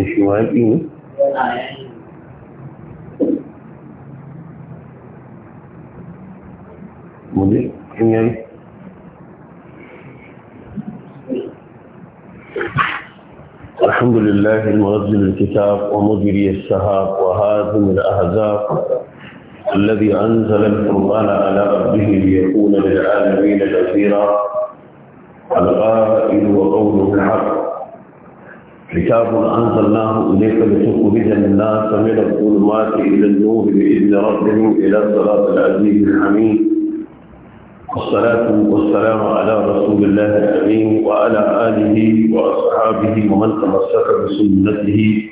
in shi ma الحمد لله المنزل الكتاب ومجري السحاب وهازم الاحزاب الذي انزل القران على عبده ليكون للعالمين نذيرا القائل وقوله الحق كتاب أنزلناه إليك لتخرج الناس من الظلمات إلى النور بإذن ربهم إلى صراط العزيز الحميد والصلاة والسلام على رسول الله الأمين وعلى آله وأصحابه ومن تمسك بسنته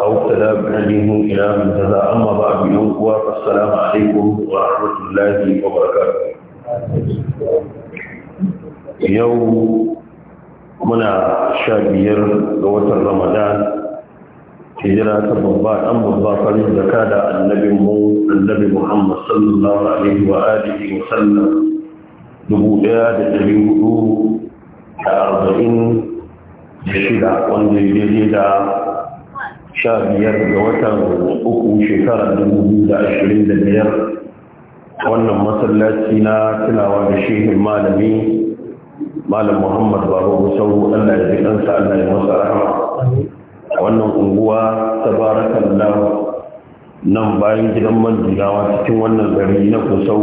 أو تلا بهديه إلى من تلا أما بعد السلام فالسلام عليكم ورحمة الله وبركاته يوم muna sha biyar ga watan ramadan hijira ta babba ɗan babba farin zaka da annabin mu annabi muhammad sallallahu alaihi wa alihi wa sallam dubu ɗaya da dari hudu da arba'in da shida wanda ya daidai da sha biyar ga watan uku shekara dubu biyu da ashirin da biyar wannan masallaci na tunawa da shehin malami malam muhammad baba musau allah ya ji allah ya masa rahama a wannan unguwa ta barakallah nan bayan gidan manjinawa cikin wannan gari na kusau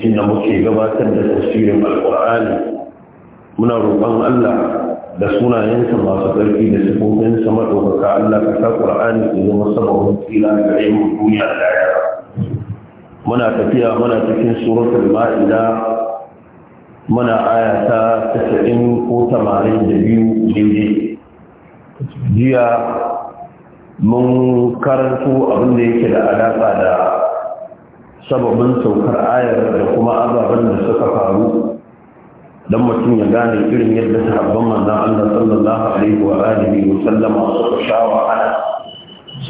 inda muke gabatar da tafsirin alkur'ani muna roƙon allah da sunayensa masu ƙarfi da sifofinsa maɗaukaka allah ka sa ƙur'ani ya zama sababin tsira ga yin duniya da muna tafiya muna cikin suratul ma'ida muna ayata ta 90 ko biyu daidai jiya mun karanto abin da yake da alaƙa da sababin saukar ayar da kuma ababen da suka faru don mutum ya gane irin yadda sahabban manzan Allah sallallahu alaihi wa alihi wa sallama suka sha wahala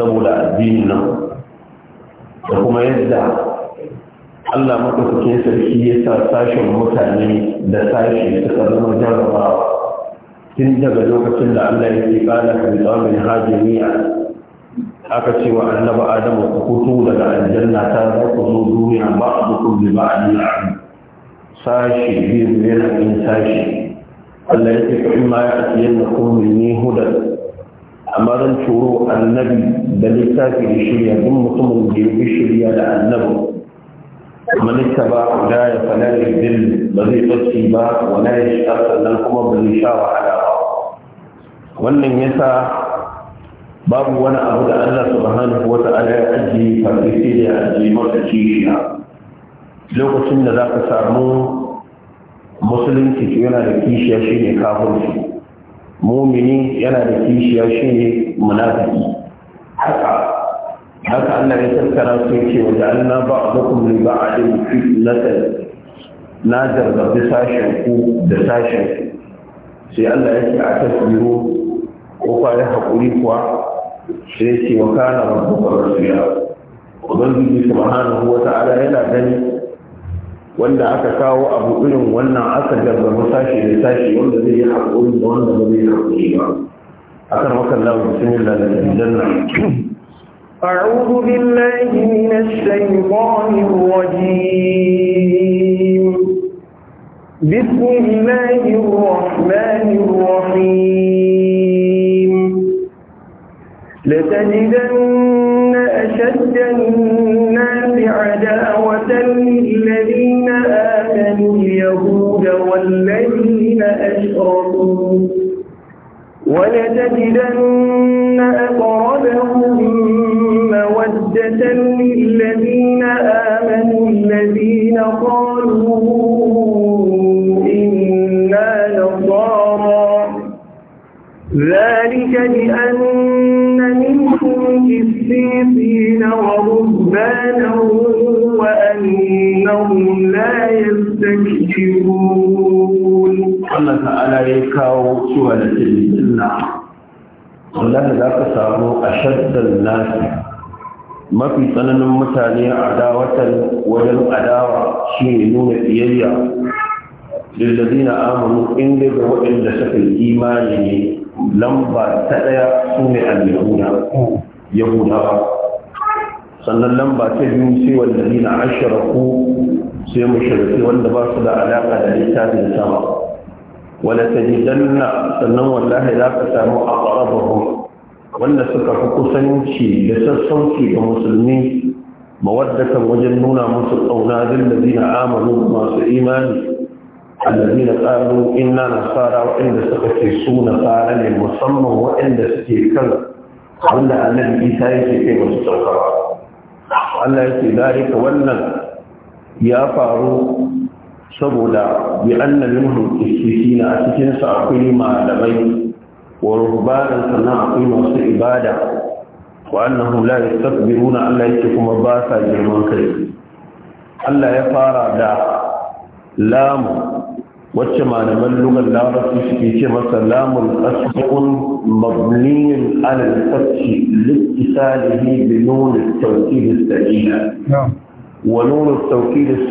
saboda addinin nan da kuma yadda Allah maɗaukakin sarki ya sa sashen mutane da sashi suka zama jarrabawa tun daga lokacin da Allah ya ke ƙala ka bilawa min hajjamiya aka ce wa annaba adamu ku daga aljanna ta za ku zo duniya ba a zukun bi ba a nuna sashi biyu yana yin sashi Allah ya ce ka in ya ake yin na kuma ne hudar amma zan turo annabi da littafi da shirya duk mutumin da ya fi shirya da annabi من اتبع هدايا فلا يذل بذي قصي با ولا يشقى sannan kuma ba zai sha wahala wannan yasa babu wani abu da Allah subhanahu wa ta'ala ya ajiye farisi da ya ajiye kishiya lokacin da za ka samu musulunci yana da kishiya shine kafirci mumini yana da kishiya shine munafiki haka haka Allah ya tattara su yake wa ja'alna ba'dakum li ba'din fitnatan na jarrabi sashen ku da sashen sai Allah yake a tasbiru ko fa ya hakuri kuwa sai yake wa kana rabbuka rasiya ubangiji subhanahu wa ta'ala yana gani wanda aka kawo abu irin wannan aka jarrabi sashi da sashi wanda zai yi hakuri da wanda ba zai yi hakuri ba akan wakan lawa bismillah da janna أعوذ بالله من الشيطان الرجيم بسم الله الرحمن الرحيم لتجدن أشد الناس عداوة للذين آمنوا اليهود والذين أشركوا ولتجدن أقربهم للذين آمنوا الذين قالوا إنا نصارى ذلك بأن منهم كسيسين ورهبانا وأنهم لا يستكبرون الله تعالى يكاو سوى لتلك الله والله ذاك صاروا أشد الناس mafi tsananin mutane a dawatar wajen adawa shi ne nuna fiyayya lillazi na amuru inda ga waɗanda suka yi imani ne lamba ta ɗaya su ne al-yahuda sannan lamba ta biyu sai zina na ku sai mushrike wanda ba su da alaƙa da littafin sama wala tajidanna sannan wallahi za ka samu aqrabahum wanda suka fi kusanci da sassauci ga musulmi mawaddatan wajen nuna musu ƙauna zin da zina amanu masu imani allazi na tsaro inna nasara waɗanda suka ce su nasara ne musamman waɗanda suke kan wanda annabi isa yake kai masu saukawa Allah ya ce ka. wannan ya faru saboda bi anna minhum qissina a cikin akwai malamai ورهبانا sannan akwai masu ibada wa annahum la yastakbiruna Allah yake kuma ba sa girman kai Allah ya fara da lamu wacce malaman lugar larabci suke ce masa lamun asbun mabniyin alal fathi littisalihi bi nun at-tawkid as-sa'ila wa nun at-tawkid as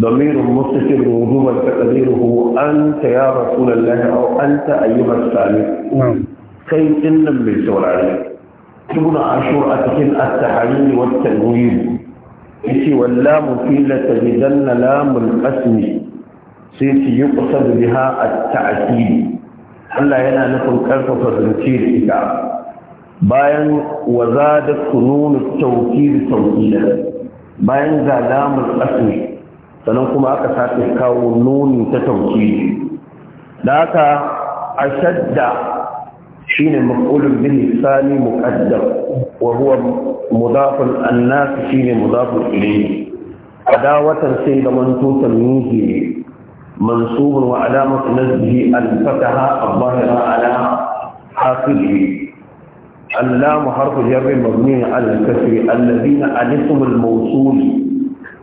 ضمير مستتر وجوبا تقديره انت يا رسول الله او انت ايها السامي كي ان من سوراري تبنى عاشور اتكن التحريم والتنوير يسي واللام في لتجدن لام القسم سيتي يقصد بها التعكيد الله هنا نكون كرفة الرتيل إذا bayan wazadat kunun tawkid tawkida bayan zalamul asmi sannan kuma aka sake kawo nuni ta tauki da shadda shi ne maf'ulun bin sani muqaddam wa huwa mudafun annas shine mudafun ilayhi adawatan sai da mantutan nuhi منصوب وعلامة نزله الفتحة الظاهرة على حافظه اللام حرف جر مبني على الكسر الذين الاسم الموصول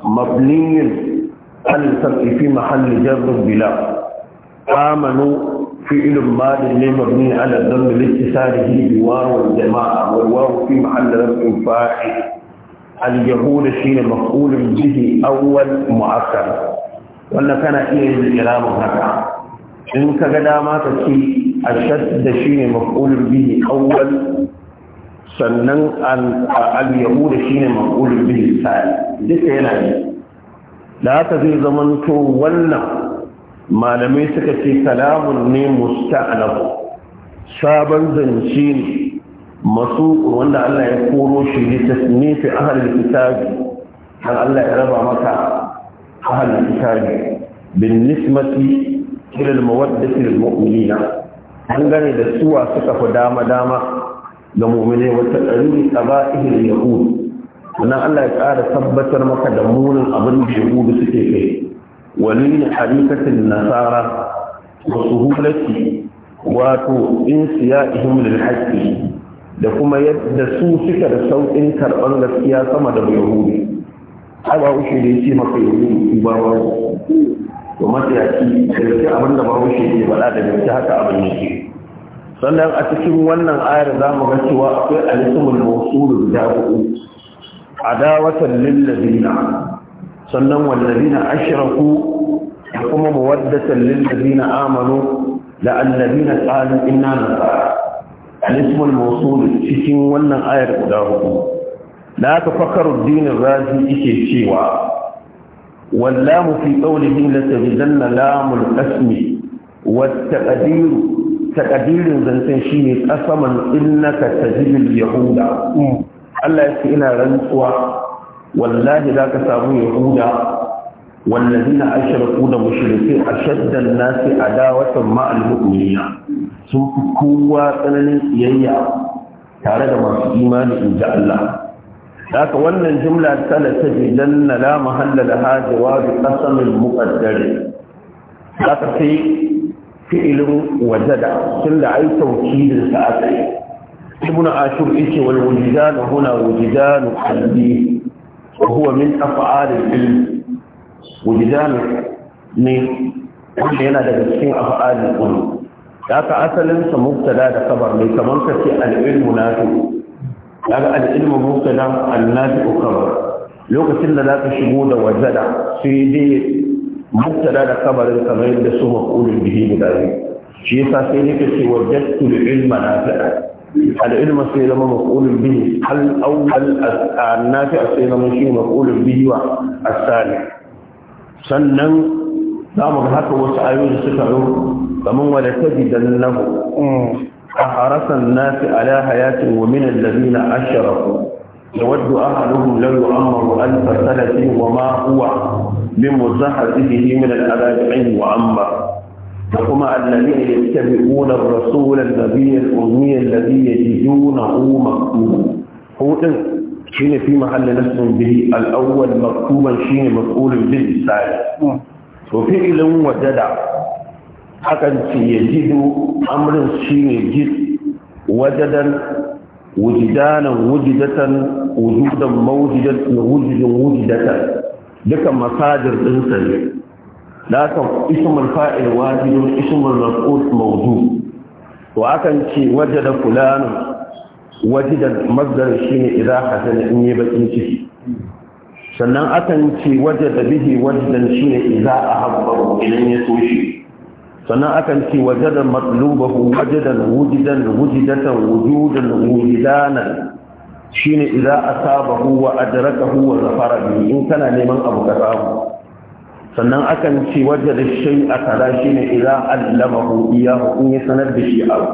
مبني عن الفتح في محل جر بلا آمنوا في فعل ماض مبني على الضم لاتصاله بواو الجماعة والواو في محل رفع فاعل اليهود حين مفعول به أول مؤخر ولا كان إيه الكلام هكذا إن كذا ما تكي الشد شين مفعول به أول سنن اليهود حين مفعول به ثاني ليس هنا da haka zai zamanto wannan malamai suka ce kalamun ne musta'anabu sabon zance ne masu wanda Allah ya koro shi ne ta nufi ahalin kitabi har Allah ya raba maka ahalin kitabi bin nismati ilal mawaddati lil mu'minina an gane da suwa suka fi dama dama ga mu'mine wata ɗari tsaba'ihil yahud sannan Allah ya ƙara tabbatar maka da munin abin da yahudu suke kai ne harikatin nasara wa suhulati wato in siya ihim lil haƙƙi. da kuma yadda su suka da sauƙin karɓar gaskiya sama da yahudu ai ba ushe da yace maka yahudu ba ba to matsayaci da gaske abin da ba ushe ke faɗa da gaske haka abin ke. sannan a cikin wannan ayar za mu ga cewa akwai alismul mawsul da hudu adawatan lillazina sannan wallazina ashraku kuma mawaddatan lillazina amanu la'allazina qalu inna nasara al-ismu al-mawsul cikin wannan ayar guda hudu da aka dinin razi yake cewa wallamu fi qawlihi la tajidanna lamul qasmi wat taqdir taqdirin zantan shine qasaman innaka yahuda Allah ya ce ina rantsuwa wallahi za ka samu yahuda والذين da المشركين أشد a عداوة مع المؤمنين sun fi kowa tsananin tsiyayya tare da masu imani in ji Allah. Daka wannan jimla tana ta jidan na la mahalla da hajewa da kasamin muƙaddare. Daka sai fi'ilin wajada tun da ai taukilinsa a ibn ashur yace wal wujidan huna wujidan qalbi wa huwa min af'al al-ilm wujidan ne wanda yana daga cikin af'al al-ilm haka asalin sa mubtada da khabar ne kamar kace al-ilmu nafi kaga al-ilmu mubtada an-nafi khabar lokacin da zaka shigo da wajada sai dai mubtada da Kabar kamar yadda su maqulun bihi guda shi yasa sai nake cewa jattul العلم سيلم مفعول به هل أول النافع سيلم شيء مفعول به والثاني سنن دام هكا وسعيون سكعون فمن ولتجدنه أحرص الناس على حياة ومن الذين أشركوا يود أحدهم لو يؤمر ألف سنة وما هو بمزحزحه من الأبابعين وعمر وكما الذين يتبعون الرسول النبي الأمي الذي يجدونه مكتوبا هو شين في محل نفس به الأول مكتوبا شين مفعول به الثاني علم وجد حقا يجد أمر شين يجد وجدا وجدانا وجدة وجودا موجدا وجد وجدة لك مصادر إنسانية da aka ismul fa'il wajibun ismul maf'ul maudu. to akan ce waje da wajada fulan wajida masdar shine idza hasana in yi bakin ciki sannan akan ce waje da bihi wajidan shine idza ahabba idan ya so shi sannan akan ce waje da wajada matlubahu wajidan wujidan wujidatan wujudan wujidanan shine idza asabahu wa adrakahu wa zafara bihi in kana neman abu ka samu sannan akan ce wajen da shi a kada shi ne idan allamahu iyahu in ya sanar da shi abu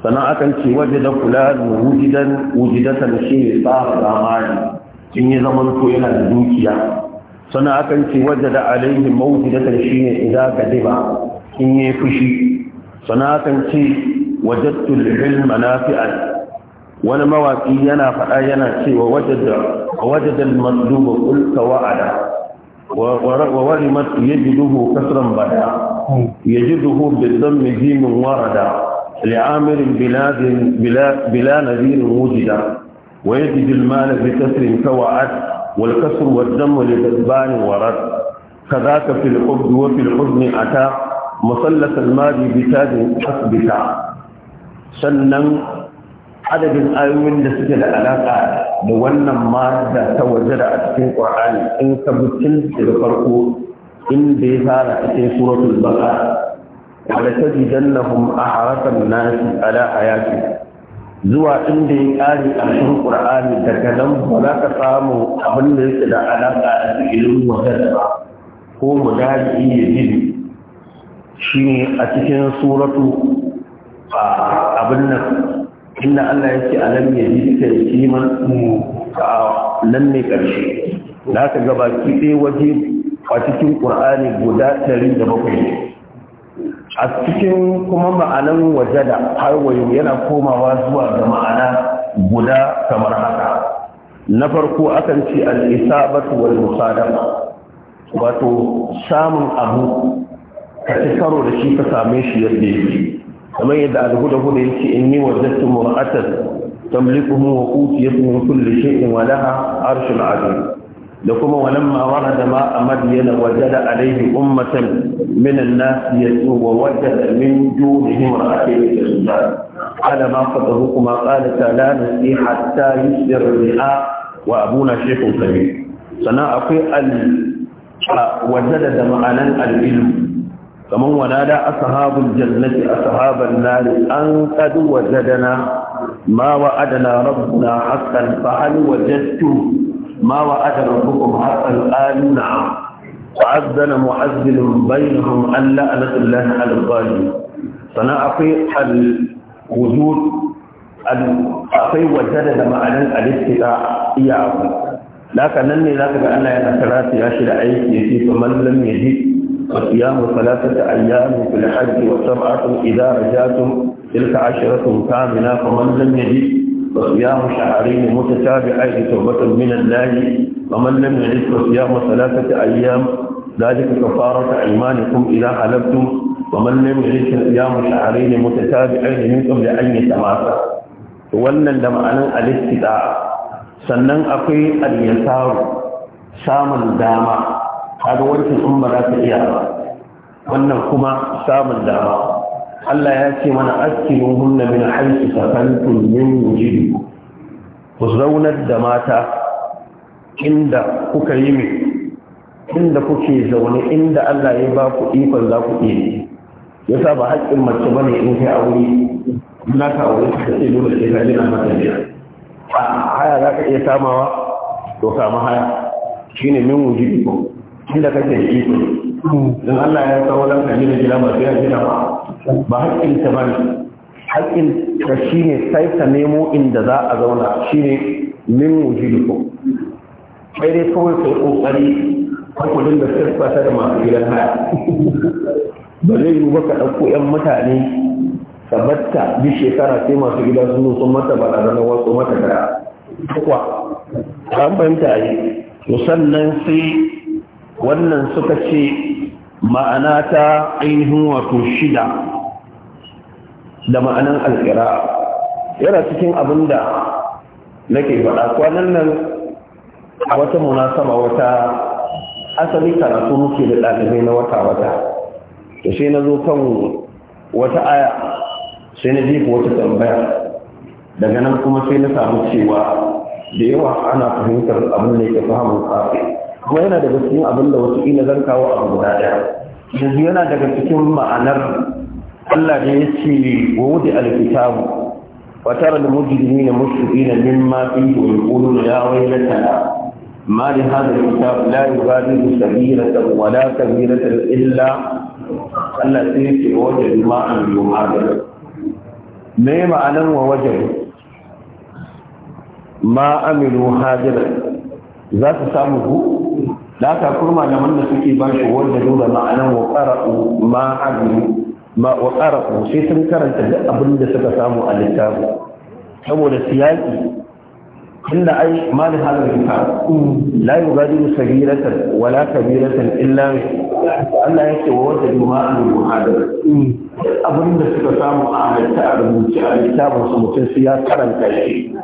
sannan akan ce wajen da kula da wujidan wujidatan shi ne tsara zamani in ya zama to yana da dukiya sannan akan ce wajen da alaihi mawujidatan shi ne idan gadiba in ya fushi sannan akan ce wajattul ilma nafi'an wani mawaƙi yana faɗa yana cewa wajadar matsluba kulka wa'ada وورمت يجده كسرا بدا يجده بالضم جيم وردا لعامر بلا, بلا نذير وجدا ويجد المال بكسر كوعد والكسر والدم لجذبان ورد كذاك في الحب وفي الحزن أتى مثلث الماضي بتاج أثبتا سنن عدد الآيوين لسجل علاقة da wannan mada ta waje da a cikin ƙwarani in ka bukin da farko inda ya fara cikin suratul baqara wala tajidannahum aharasan nasi ala hayati zuwa inda ya kare a cikin ƙwarani daga nan ba za ka samu abin da yake da alaƙa a cikin wajen ba ko mujaji ya jiri shi a cikin suratu abin nan inna Allah yake alam ya ji ka yatiman a nan ne karshe da ka gaba ki dai waje a cikin Qur'ani guda 37 a cikin kuma ma'anan waje da wayo yana komawa zuwa ga ma'ana guda kamar haka na farko akan ce al-isabatu wal musadama wato samun abu ka ci karo da shi ka same shi yadda yake وما يدعى الهدف ليس إني وجدت مرأة تملكه وأوتيت من كل شيء ولها عرش عظيم لكم ولما ورد ماء مدين وجد عليه أمة من الناس يسوب ووجد من دونه امرأتين تسجدان على ما فضلكما قالتا لا نسي حتى يسر الرئاء وأبونا شيخ كبير سنا أقول وجد دمعنا العلم kaman wanada ashabul jannati ashaban nar an qad wajadna ma wa'adana rabbuna haqqan fa hal wajadtum ما وعد ربكم حقا قالوا نعم وعذن معذل بينهم ان لعنه الله على الظالمين صنع في الوجود akwai wajada da ma'anin alistika iya abu da haka nan ne za ka ga ana yana karatu ya shi da aiki ya ce fa mallam ya وصيام ثلاثة أيام في الحج وسبعة إذا رجعتم تلك عشرة كاملة فمن لم يجد وصيام شهرين متتابعين توبة من الله ومن لم يجد فصيام ثلاثة أيام ذلك كفارة أيمانكم إذا حلفتم ومن لم يجد فصيام شهرين متتابعين من قبل أن يتماسى wannan da ma'anin alistida sannan akwai al samun dama kaga wancan in ba za ka iya ba wannan kuma samun dama Allah ya ce mana askinu hunna min haythu sakantum min wujudikum ku zaunar da mata inda kuka yi mai inda kuke zaune inda Allah ya ba ku ikon za ku iya sa ba haƙƙin mace ba ne in kai a wuri. na ka aure ka ce dole sai ka jira mata biya a haya za ka iya samawa to kama haya shine min wujudikum inda kake da iko don Allah ya kawo wadan ka gina gida ba sai gina ba ba haƙƙin ta ba haƙƙin ka shine sai ta nemo inda za a zauna shine min ko. sai dai kawai kai kokari hakuri da ta da masu gidan haya ba zai yi ba ka ɗauko 'yan mutane sabatta bi shekara sai masu gida sun mata sun da barazanar wasu mata kaya kwa an fahimta yi musannan sai wannan suka ce ma'ana ta ainihin wato shida da ma'anan alƙira yana cikin abin da nake faɗa kwanan nan a wata munasaba wata asali karatu muke da ɗalibai na wata-wata da shi na zo kan wata aya sai na jefa wata tambaya daga nan kuma sai na samu cewa da yawa ana fahimtar abin da yake fahimta kuma yana daga cikin abin da wasu ina zan kawo abu guda ɗaya yanzu yana daga cikin ma'anar Allah ne ya ce wa wuce alkitabu wa tara da mujrimi na mushribi na mimma fi wa yaquluna ya waylatana ma li hadha alkitab la yughadiru saghiratan wa la kabiratan illa Allah sai ya ce wa wajadu ma an yuhadara me ma'anar wa wajadu ma amilu hajira za su samu ku da haka kurma malaman da suke ba shi wanda dole ma'anan wa qara'u ma ma wa qara'u sai sun karanta duk abin da suka samu a littafi saboda siyaki inda ai malin halar ka la yugadiru sagiratan wala kabiratan illa Allah ya yake wa wata juma'a ne muhadara abin da suka samu a halitta a rubuce a littafin su mutum su ya karanta shi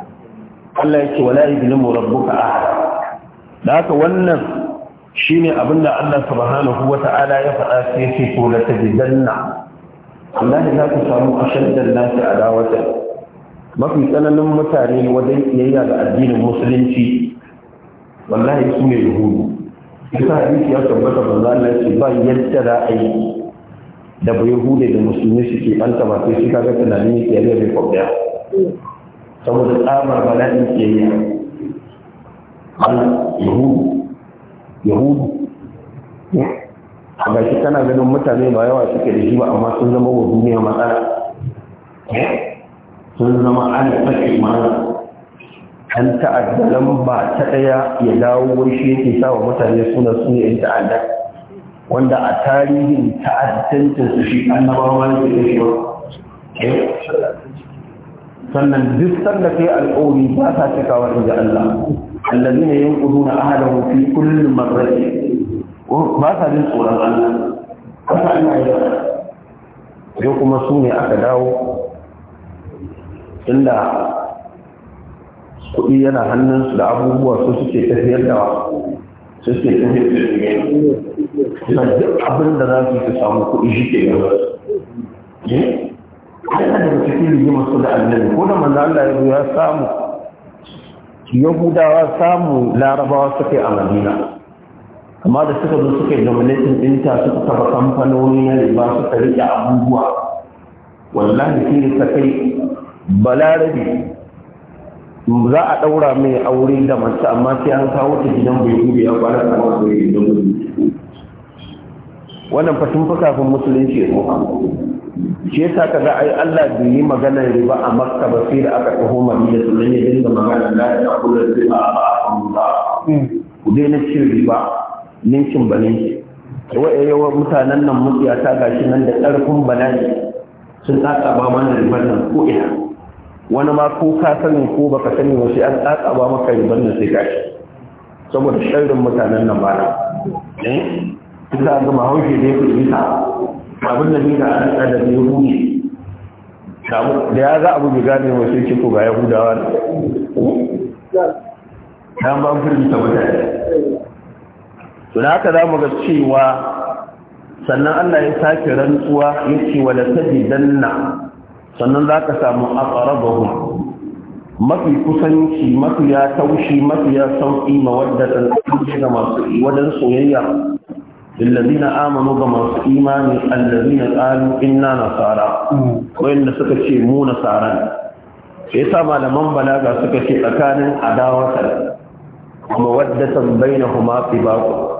Allah ya yake wala yuzlimu rabbuka ahad da haka wannan shine abinda Allah subhanahu ta'ala ya faɗa sai ya ce ko ta tajidanna Allah za ku samu ashaddan nasi adawatan mafi tsananin mutane wajen kiyayya da addinin musulunci wallahi su ne yahudu bisa hadisi ya tabbata banza Allah ya ce ba yadda za a yi da ba yahude da musulmi suke an taba sai shi kaga tunanin kiyayya bai kwabda saboda tsamar bala'in kiyayya Allah yahudu yahudu a gashi kana ganin mutane ba yawa suke da shi ba amma sun zama wa duniya matsala sun zama an fashi mara an ta'adda lamba ta ɗaya ya dawo wani shi yake sa wa mutane suna suna yin ta'adda wanda a tarihin ta'addancin su shi annabawa ne da shi ba eh? sannan duk sanda kai alƙawari ba sa cikawa inda Allah الذين ينقضون أهله في كل مرة ba sa jin tsoron Allah ba sa ina yi sai kuma su ne aka dawo inda kuɗi yana hannunsu da abubuwa su suke tafiyar da su suke tafiyar da duk abin da za su samu kuɗi shi ke gaba yana daga cikin rigimar su da annabi ko da manzo Allah ya samu yahudawa samu larabawa suka a madina amma da suka zo suka yi dominatin ɗinta suka taba kamfanoni na riba suka riƙe abubuwa wallahi shi ne ta kai balarabe za a ɗaura mai aure da mace amma sai an kawo ta gidan bai gube ya kwana da masu yi gudu wannan fatin fuka kafin musulunci ya tsoka shi yasa kaga ai Allah bai yi magana riba a Makka ba sai da aka taho Madina sannan ya dinga magana da ya kula da riba a Allah ku dai na cin riba ninkin ba ninkin waye yawan mutanen nan ta gashi nan da ƙarfin bala'i sun tsaka ba mana riban nan ko ina wani ma ko ka sani ko baka sani ba sai an tsaka ba maka riban nan sai gashi saboda sharrin mutanen nan ba na eh kisa ga mahaushi dai ku bisa abin da ni da an da yahudi da ya za abu bai gane wa sai ce ko ga yahudawa Ya ba firgita mutane to da haka zamu ga cewa sannan Allah ya sake rantsuwa ya yace wala danna, sannan za ka samu aqrabahum mafi kusanci mafi ya taushi mafi ya sauki mawaddatan ga masu wadan soyayya للذين آمنوا بما إيمان الذين قالوا إنا نصارى وإن سكتي مو نصارى يسا ما لمن بلاغا سكتي أكان عداوة ومودة بينهما طباق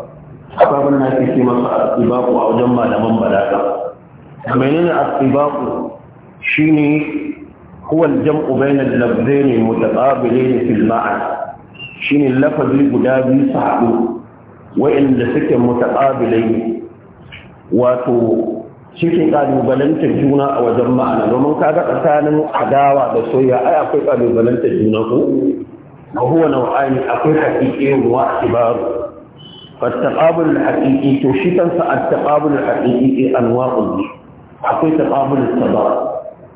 أصاب الناس في مصر الطباق أو جمع لمن بلاغا منين الطباق شيني هو الجمع بين اللفظين المتقابلين في المعنى شيني اللفظ لقدابي صحبه wa'inda suke mutaqabilai wato cikin kalubalantar juna a wajen ma'ana domin ka ga tsakanin adawa da Soya, ai akwai kalubalantar juna ko A huwa wa'ani akwai haqiqi wa ibaru fattaqabul haqiqi to shi kansa attaqabul haqiqi anwa'un akwai taqabul sabar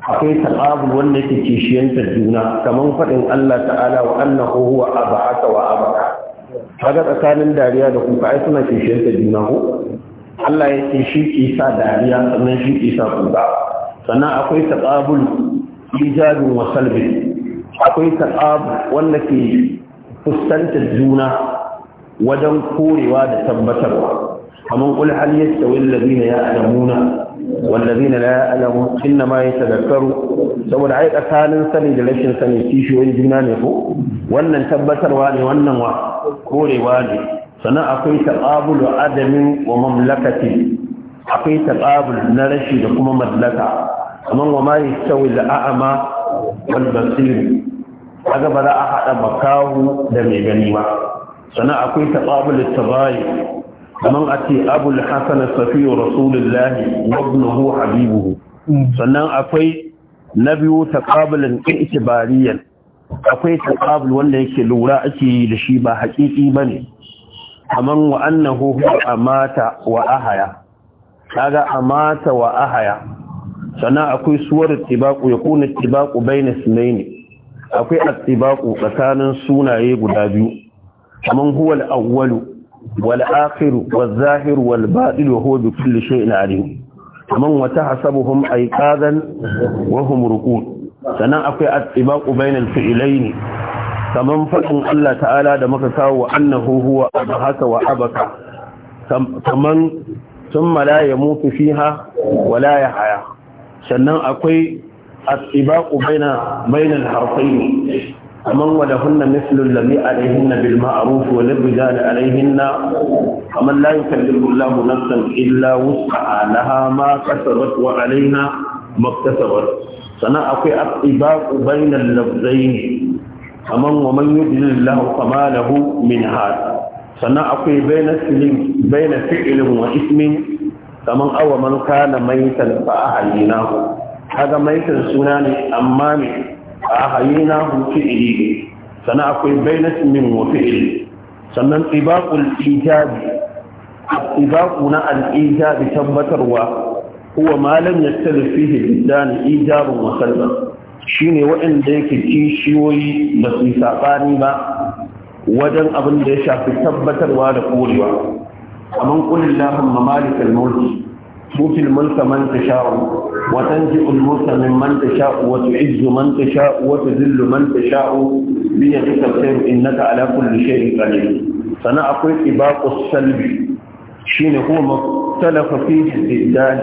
akwai taqabul wanda yake kishiyanta juna kaman fadin Allah ta'ala wa annahu huwa abaka wa abaka kaga tsakanin dariya da kuka ai suna kishiyar da juna ko Allah ya ce shi ke sa dariya sannan shi ke sa kuka sannan akwai taqabul ijabin wa salbin akwai taqab wanda ke fuskantar juna wajen korewa da tabbatarwa kamar kul hal yastawi alladhina na ya alamu? la ya'lamun innama yatadhakkaru saboda ai tsakanin sani da rashin sani kishiyoyin juna ne ko wannan tabbatarwa ne wannan wa korewa ne sannan akwai taqabulu adamin wa mamlakati akwai taqabul na rashi da kuma mallaka kamar wa ma yastawi al'a'ma wal basir kaga ba za a haɗa makahu da mai gani ba sannan akwai taɓabul tabayi kamar a ce abul hasan safiyu rasulullahi wa ibnuhu habibuhu sannan akwai na biyu taqabulin itibariyan akwai taqabul wanda yake lura ake yi da shi ba haƙiƙi bane kamar wa annahu huwa amata wa ahaya kaga amata wa ahaya sannan akwai suwar tibaku ya kuna tibaku bayna sunaini akwai attibaku tsakanin sunaye guda biyu Kaman huwal awwalu والآخر والظاهر والباطل وهو بكل شيء عليم من وتحسبهم أيقاظا وهم ركون سنا أقوى الطباق بين الفعلين كمن فقن الله تعالى دمكتا وأنه هو أبهك وأبك كمن ثم لا يموت فيها ولا يحيا سنا أقوى الطباق بين بين الحرفين kaman ولهن مثل الذي عليهن بالمعروف وللرجال عليهن كمن لا يكلف الله نفسا الا وسعها لها ما كسبت وعليها ما اكتسبت سنا اكو اباق بين اللفظين كمن ومن يدل الله فما له من هذا سنا اكو بين بين فعل واسم كمن او من كان ميتا فاحييناه هذا ميتا سناني امامي a hayina hu iri sannan akwai bainat min wa fi'ili sannan tibaqul ijabi atibaqu na al ijabi tabbatarwa huwa ma lam yastalif fihi bidan ijabun wa Shi ne waɗanda yake kishiyoyi ba su saɓani ba wajen abin da ya shafi tabbatarwa da korewa kamar kullum lahun mamalikar mulki تؤتي الملك من تشاء وتنزع الملك ممن تشاء وتعز من تشاء وتذل من تشاء بيدك الخير انك على كل شيء قدير فانا اقول اباق السلب شين هو ما اختلف فيه الزيدان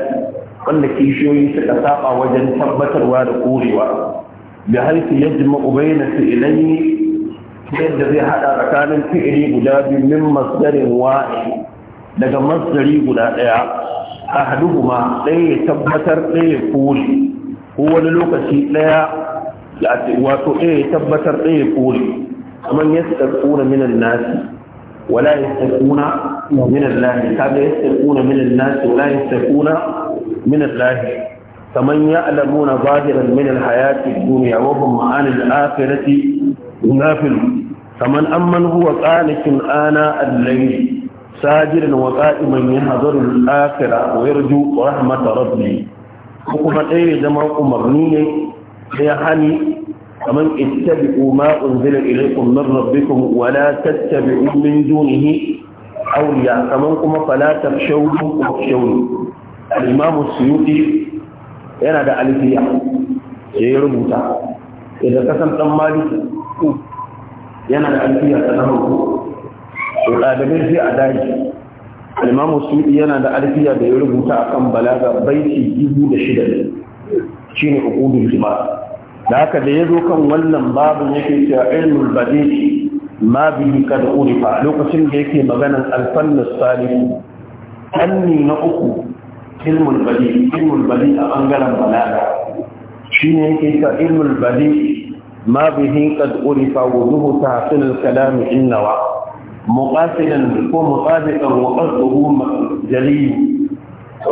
wanda kishiyoyi suka saba wajen tabbatarwa da korewa da haifi yajma ubaina fi'ilai yadda zai hada tsakanin fi'ili guda biyu min masdarin wa'i daga masdari guda daya ahaduhuma ɗaya ya tabbatar ɗaya ya kore ko wani lokaci ɗaya wato ɗaya ya tabbatar ɗaya ya kore kaman kuna minan nasi wala ya kuna minan lahi kaga kuna minan nasi wala ya kuna minan lahi kaman ya'lamuna zahiran min al-hayati ad-dunya wa hum 'an al-akhirati ghafilun kaman amman huwa qanitun ana al-layl sajirin wa qa'iman yahzuru al-akhirah wa yarju rahmat rabbih ko kuma ɗaya zama umarni ne ya hani kamar ittabi'u ma unzila ilaykum min rabbikum wa la tattabi'u min dunihi awliya kamar kuma yana da alfiya da ya rubuta idan kasan dan maliki yana da alfiya ta nahu to ɗalibai sai a daji alimamu suɗi yana da alfiya da ya rubuta a kan balaga baiti dubu da shida ne shi ne hukudun jima da haka da ya zo kan wannan babin yake cewa ilmul badi ma bihi kad urifa lokacin da yake maganan alfannu salihu fanni na uku ilmul badi ilmul badi a bangaren balaga shi ne yake cewa ilmul badi ma bihi kad urifa wuduhu tahsinul kalami innawa مقاتلا ومطابقا وقصده جلي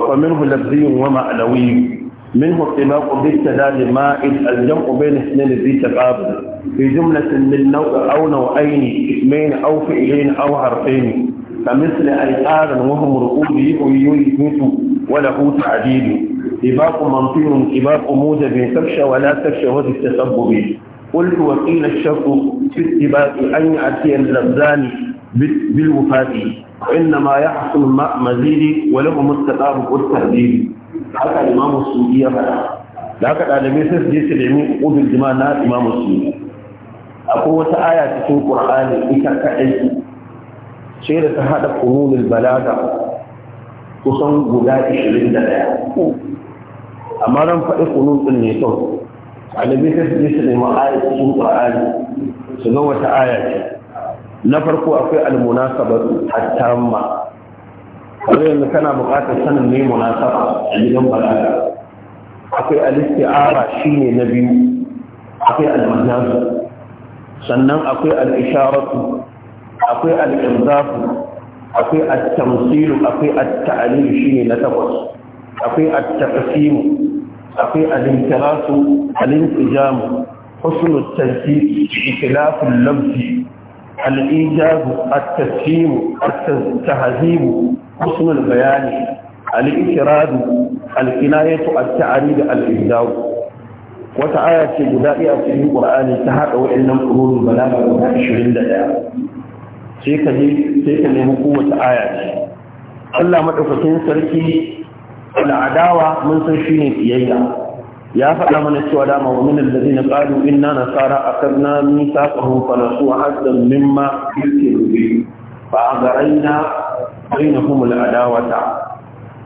فمنه لفظي ومعنوي منه ارتباط بالسداد مائل الجمع بين اثنين ذي تقابل في جملة من نوع أو نوعين اسمين أو فئلين أو حرفين فمثل الآن وهم رؤوس يثبت وله تعديل سباق منطق سباق موجب تفشى ولا تفشى وذي التسبب قلت وقيل الشك في السباق أن يأتي اللفظان بالوفاة وإنما يحصل مع مزيد وله مستقاب والتهديد هذا الإمام السعودية da haka ɗalibai sai su je su nemi ƙudin jima na imamu su akwai wata aya cikin ƙur'ani ita kaɗai sai da ta haɗa kununul balaga kusan guda 21 amma ran faɗi kunun ɗin ne kawai ɗalibai sai su je su nemi aya cikin ƙur'ani su ga wata aya ce na farko akwai almunasabatu at-tamma kamar yanzu kana buƙatar sanin ne munasaba a gidan balaga akwai al shi ne na biyu akwai al sannan akwai al'isharatu. akwai al akwai attamsiru akwai at shi ne na takwas akwai at akwai al-intirasu al-intijamu husnul tanfiq ikhlafu al al’ijazu a tasiru ta hazimu bayani al’ikiradu al’inayetu a ta’ari da al’ijazu wata aya ce guda iya cikin ƙwararri ta haɗa waɗannan ƙururin balama guda 21 sai ka nemi kowace aya ce allah maɗaukakin sarki al’adawa mun san shi ne fiyayya ya faɗa mana cewa dama wa min allazina in inna nasara akadna mithaqahum falasu haddan mimma na bai na agaraina bainahum al'adawata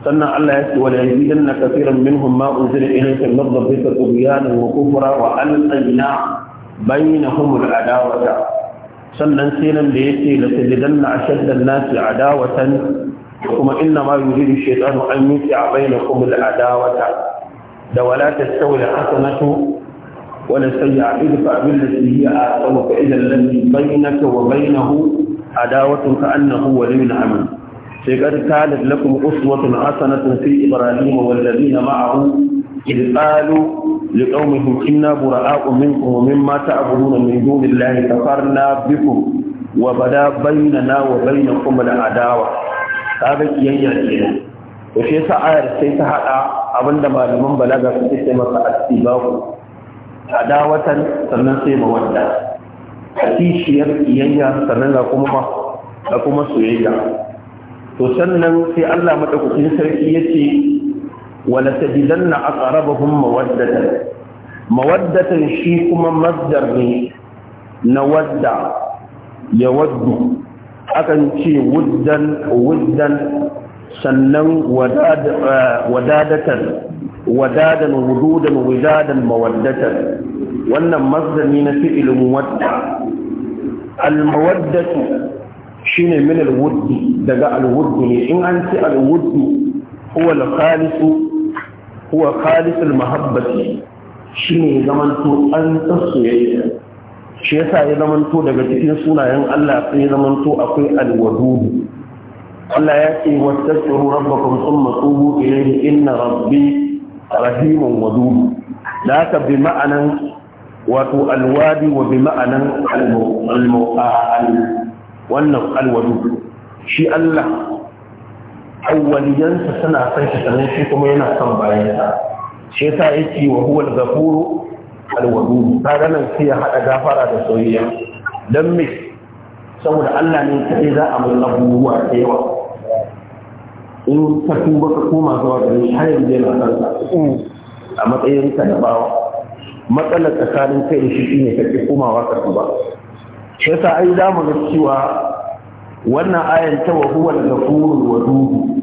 sannan Allah ya ce wala yazidanna kaseeran minhum ma unzila ilayka min rabbika tughyana wa kufra wa alqayna bainahum al'adawata sannan sai nan da yake la tajidanna ashadda an-nasi adawatan kuma inna ma yuridu shaytanu an yuqi'a bainakum al'adawata da wala ta saula hasanatu wala sayya'a idfa bil lati hiya aqwam fa idan lam bainaka wa bainahu adawatun ka annahu waliyul amin sai kad kalat lakum uswatun hasanatun fi ibrahim wal ladina ma'ahu idh qalu liqaumihim inna bura'a'u minkum wa mimma ta'buduna min dunillahi kafarna bikum wa bada bainana wa bainakum al adawa kaga kiyayya kenan to sai sa sai ta haɗa? abinda malaman balaga suke ce masa asibahu adawatan sannan sai mawadda kishiyar iyayya sannan ga kuma ba ga kuma soyayya to sannan sai Allah madaukakin sarki yace wala tajidanna aqrabahum mawaddatan mawaddatan shi kuma masdar ne na wadda ya waddu akan ce wuddan wuddan sannan eh, wadadatan wadadan wududan wudadan mawaddatan wannan mazdani na fi'ilin wadda almawaddatu shine min alwuddi daga alwuddi ne in an ci alwuddi huwa alkhalisu huwa khalis almahabbati shine zamanto an tsoyayya shi yasa ya zamanto daga cikin sunayen Allah sai zamanto akwai alwadudu Allah ya ce wattaqiru rabbakum thumma tubu ilayhi inna rabbi rahimun wadud la ka bi ma'anan wato alwadi wa bi ma'anan almu'al wannan alwadu shi Allah awwaliyansa suna san shi sannan shi kuma yana son bayansa shi yasa yake wa huwa al-ghafuru al-wadud kaga nan sai ya hada gafara da soyayya dan me saboda Allah ne kai za a mun abubuwa da yawa in ka tuba ka koma zuwa gare shi har yanzu yana san mm. a matsayin ka da bawa matsalar tsakanin kai da shi shine ka ki komawa ka tuba sai sa ai za mu ga cewa wannan ayan ta wa huwa al-ghafurur wadud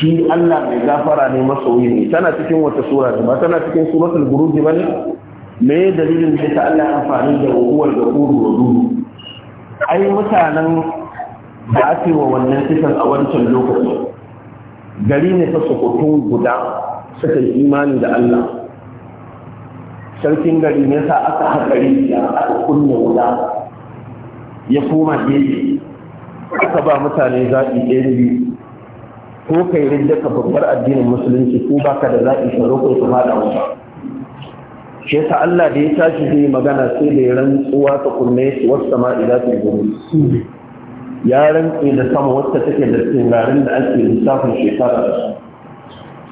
shi Allah mai gafara ne masoyi ne tana cikin wata sura ne ba tana cikin suratul buruj ba ne me dalilin da ta Allah amfani da huwa al-ghafurur wadud ai mutanen da ake wa wannan kisan a wancan lokacin gari ne ta sukutun guda suka yi imani da Allah sarkin gari ne sa aka haƙa rijiya aka kunna wuta ya koma gefe aka ba mutane zaɓi ɗaya biyu ko kai rinda ka babbar addinin musulunci ko ba ka da zaɓi sharo kai su haɗa wuta shi yasa Allah da ya tashi zai magana sai da ya rantsuwa ta kunne wasu sama'i za su yi ya rantse da sama wacce take da tsinarin da ake lissafin shekara da su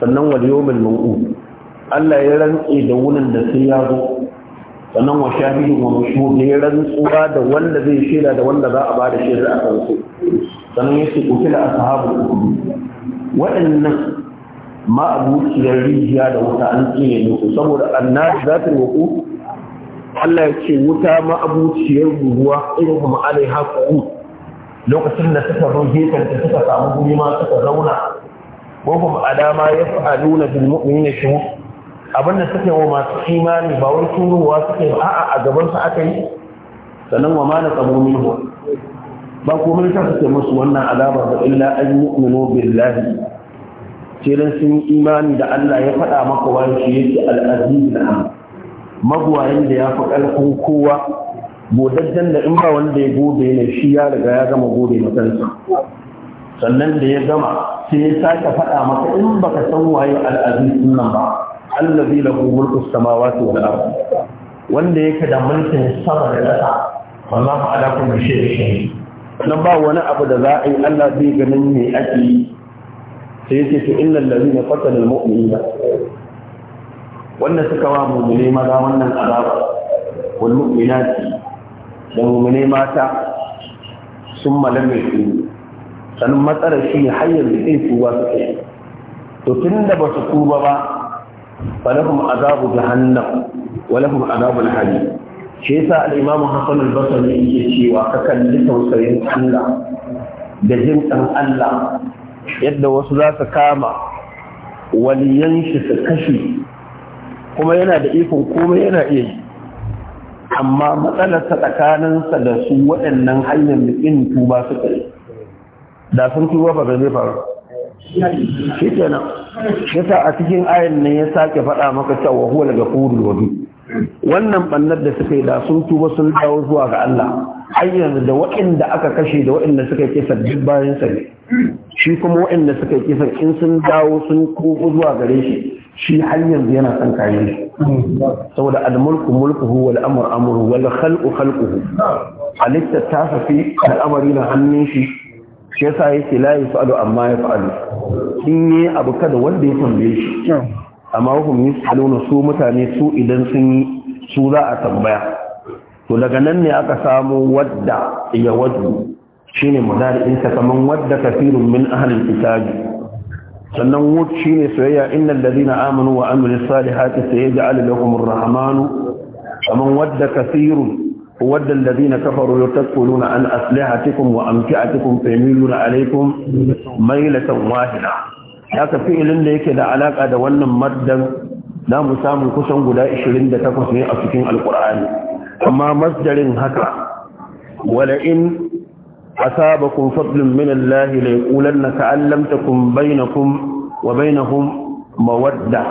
sannan wal yawmin maw'ud Allah ya rantse da wunin da sun ya sannan wa shahidu wa mashhud ya rantsuwa da wanda zai shaida da wanda za a ba da shaida a kan su sannan ya ce kutila ashabul ukhdud waɗannan ma abuciyar rijiya da wuta an tsine musu saboda annabi zatul roƙo, Allah ya ce wuta ma abuciyar ruwa irin kuma alaiha qud lokacin da suka zo gefen da suka samu guri ma suka zauna ko kuma alama ya fa'aluna bil mu'minina shuhud abinda suke wa masu imani ba wai turuwa suke a'a a gaban su aka yi sannan wa ma na tsamo ba komai ta suke musu wannan alamar da illa an yu'minu billahi ce dan sun imani da Allah ya faɗa maka wani shi yake al na magwayin da ya fi ƙarfin kowa godajjen da in ba wanda ya gode ne shi ya riga ya gama gode makansa sannan da ya gama sai ya sake faɗa maka in baka san waye al'aziz nan ba allazi lahu mulku samawati wal ard wanda yake da mulkin sama da ƙasa wallahu ala kulli shay'in shahid nan ba wani abu da za a yi Allah zai ganin me ake yi sai yake to innal ladina qatalu almu'minina Wannan suka wa mu'mini maza wannan azaba wal mu'minati da mummune mata sun malame mai tsoro matsalar shi har yanzu ɗin tuba su kai to tun da ba su tuba ba falahum azabu jahannam walahum azabul hali shi yasa al-imamu hasan al-basri yake cewa ka kalli tausayin Allah da jin dan Allah yadda wasu za su kama waliyan shi su kashe kuma yana da ikon komai yana iya yi amma matsalar ta tsakaninsa da su waɗannan hanyar da in tuba suka yi da sun tuba ba zai faru shi kenan yasa a cikin ayin nan ya sake faɗa maka cewa huwa daga furul wadu wannan bannar da suka yi da sun tuba sun dawo zuwa ga Allah hanyar da waɗanda aka kashe da waɗanda suka yi kisa duk bayan sa ne shi kuma waɗanda suka yi kisa in sun dawo sun kofo zuwa gare shi shi har yanzu yana son kayan shi saboda al-mulku mulkuhu wal amru amruhu wal khalqu khalquhu halitta ta safi al'amari hannun shi shi yasa yake la yasalu amma yafalu in yi abu kada wanda ya tambaye shi amma hukum yasaluna su mutane su idan sun yi su za a tambaya to daga nan ne aka samu wadda ya wadu shine In ta kaman wadda kafirun min ahlil kitabi sannan Wood shine soyayya inna ladina amanu wa amilu salihati sayaj'al lahum ar-rahmanu kaman wadda kathirun wadda alladhina kafaru yatakkuluna an aslihatikum wa amti'atikum faymiluna alaykum maylatan wahida haka fi'ilin da yake da alaka da wannan maddan za mu samu kusan guda 28 ne a cikin alkur'ani amma masdarin haka wala'in أصابكم فضل من الله ليقولن كأن لم تكن بينكم وبينهم مودة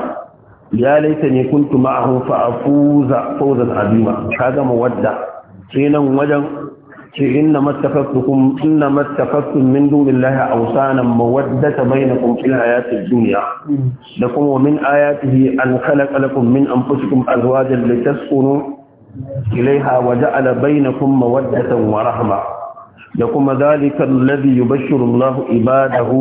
يا ليتني كنت معهم فأفوز فوزا عظيما هذا مودة حين وجن إنما اتخذتكم إنما اتخذتم من دون الله أوثانا مودة بينكم في الحياة الدنيا لكم ومن آياته أن خلق لكم من أنفسكم أزواجا لتسكنوا إليها وجعل بينكم مودة ورحمة da kuma zalika alladhi yubashshiru Allahu ibadahu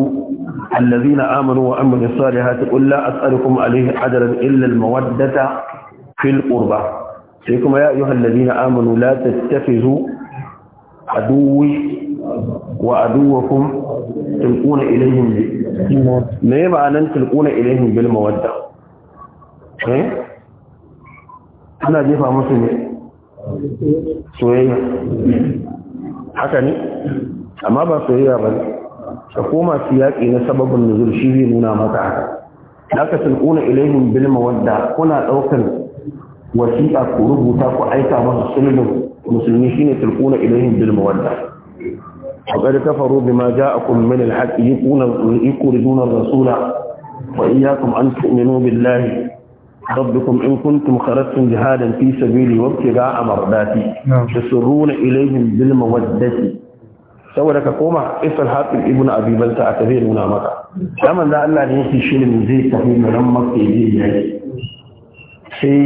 alladhina amanu wa amilu salihati qul la as'alukum alayhi ajran illa illal mawaddata fil qurba sai kuma ya ayyuha alladhina amanu la tattakhizu aduwwi wa aduwwakum tulquna ilayhim me ma'anan tulquna ilayhim bil mawadda eh ana jefa musu ne soyayya haka ne amma ba soyayya ba ka koma siyaki na sababin nuzul shi zai nuna maka haka haka tulquna ilaihim bilma wanda kuna ɗaukar wasiqa ku rubuta ku aika musu sulhu musulmi shine tulquna ilaihim bil mawadda وقد كفروا بما جاءكم من الحق يقولون الرسول وإياكم أن تؤمنوا بالله ربكم إن كنتم خرجتم جهادا في سبيلي وابتغاء مرضاتي تسرون إليهم بالمودة saboda ka koma isar hatin ibn abi balta a tafiya nuna maka ya manzo Allah ne yake shirin zai tafi nan makka zai yaki sai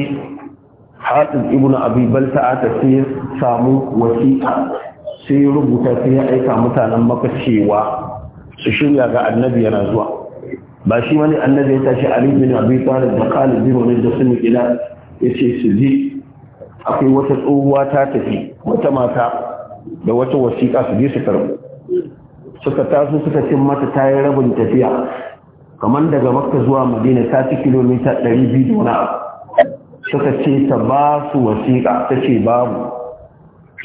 hatin ibn abi balta a tafiya samu wasiƙa sai rubuta sai ya aika mutanen maka cewa su shirya ga annabi yana zuwa ba shi wani annabi ya tashi Ali bin Abi Talib da Khalid bin wani da sun gida yace su ji akwai wata tsohuwa ta tafi wata mata da wata wasiƙa su je su karɓo suka taso suka cin mata ta yi rabin tafiya kamar daga makka zuwa madina ta ci kilomita ɗari 200 wani abu suka ce ta ba su wasiƙa ta ce babu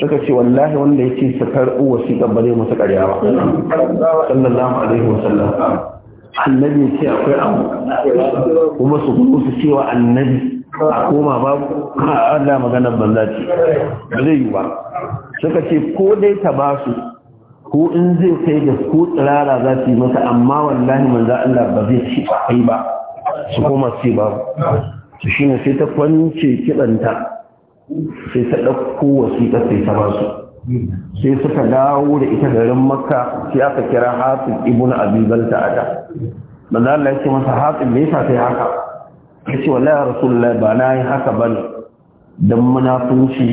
suka ce wallahi wanda ya ce su karɓo wasiƙa ba zai musu ƙarya ba sallallahu alaihi wasallam annabi ce akwai abu kuma su kuma su cewa annabi a koma ba ka ala maganar banza ce ba zai yi ba suka ce ko dai ta ba su ko in zai kai da ko tsirara za su yi masa amma wallahi manza Allah ba zai ci ba kai ba su koma su ba su shine sai ta kwance kiɗanta sai ta ɗauko wasiƙa sai ta ba su sai suka dawo da ita garin makka sai aka kira hatsin ibn abibal ta'ada da Allah masa hatsin me yasa sai haka yace wallahi rasulullahi ba na yi haka ba ne don munafunci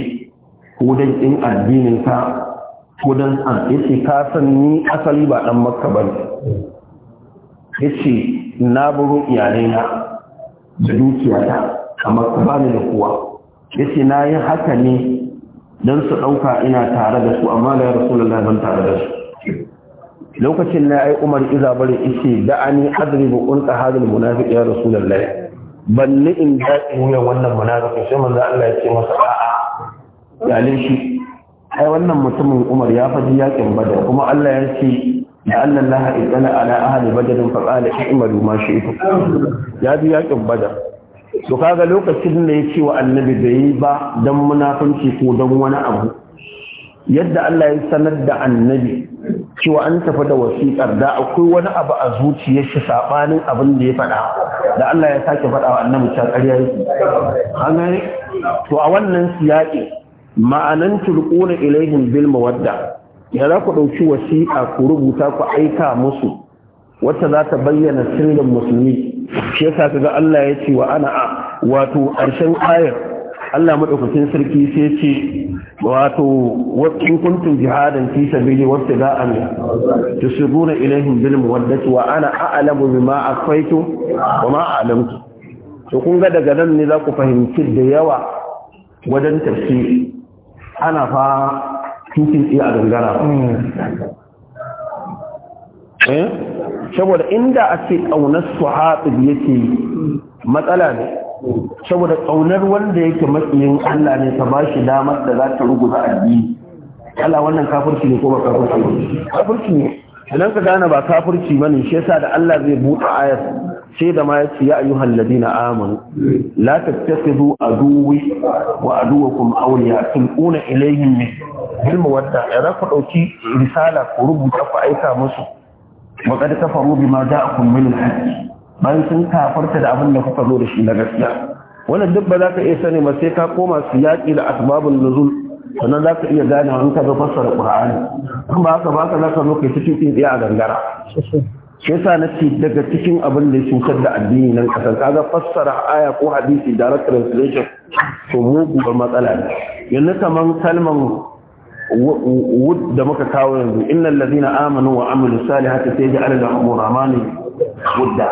ko dan din addinin ka ko don an ce ka san ni asali ba dan makka ba ne. Ya ce na buru iyalaina da dukiyata amma ba ne da kowa ce na yi haka ne don su ɗauka ina tare da su amma la lallai zan tare da su lokacin na ai umar iza bari ishe da ani adribu unqa hadal munafiq ya rasulullah balli in daɗi wuyan wannan munafiqin sai manzo Allah ya ce masa a'a galin shi ai wannan mutumin umar ya faji yakin bada, kuma Allah ya ce da Allah la ilaha illa ala ahli badar fa qala i'malu ma shi ya bi yakin bada. to kaga lokacin da ya ce wa annabi bai yi ba don munafunci ko don wani abu yadda Allah ya sanar da annabi cewa an tafi da wasiƙar da akwai wani abu a zuciyar shi sabanin abin da ya faɗa da Allah ya sake faɗa wa annabi ta ƙarya yake to a wannan siyaƙi ma'anan turƙuna ilaihim bil mawadda ya za ku ɗauki wasiƙa ku rubuta ku aika musu wacce za ta bayyana sirrin musulmi shi yasa kaga Allah ya ce wa ana wato ƙarshen ayar Allah madaukakin sarki sai ce wato wa in kuntum jihadan fi sabili wa ibtida'an tusiruna ilaihim bil mawaddati wa ana a'lamu bima akhfaytu wa ma a'lamtu to kun ga daga nan ne za ku fahimci da yawa wajen tafsiri ana fa tukin iya gangara hmm. eh saboda inda a ce ƙaunar su haɗin yake matsala ne saboda ƙaunar wanda yake matsayin Allah ne ta ba shi damar da za ta ruguza addini Allah wannan kafirci ne ko ba kafirci ne kafirci ne idan ka gane ba kafirci bane shi yasa da Allah zai buɗe ayar sai da ma yace ya ayyuhal ladina amanu la tattakhidhu aduwi wa aduwakum awliya tulquna ilayhim bil mawadda ya ku dauki risala ku rubuta ku aika musu wa qad kafaru bima ja'akum min bayan kafarta da abin da kuka zo da shi na gaskiya wannan duk ba za ka iya sani ba sai ka koma su yaƙi da asbabun nuzul sannan za ka iya gane wani ka zo fassara qur'ani kun ba haka ba ka za ka zo kai cikin tsinti a gangara shi yasa na ce daga cikin abin da ya cutar da addini nan kasan kaga fassara aya ko hadisi direct translation to mu ba matsala ne yanzu kaman kalman wud da muka kawo yanzu innal na amanu wa amilu salihati sayaj'alu lahum rahmanu wadda